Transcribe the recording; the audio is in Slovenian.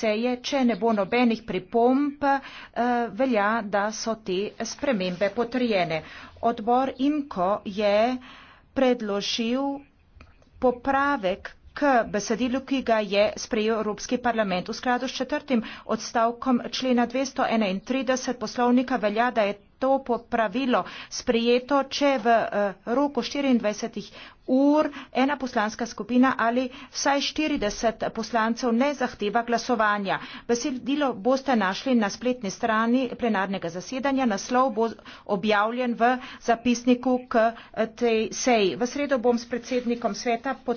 seje, če ne bo nobenih pripomb, eh, velja, da so te spremembe potrjene. Odbor Imko je predložil popravek k besedilu, ki ga je sprejel Evropski parlament. V skladu s četrtim odstavkom člena 231 poslovnika velja, da je to popravilo sprejeto, če v eh, roku 24 ur ena poslanska skupina ali vsaj 40 poslancev ne zahteva glasovanja. Besedilo boste našli na spletni strani plenarnega zasedanja. Naslov bo objavljen v zapisniku k eh, tej seji. V sredo bom s predsednikom sveta pod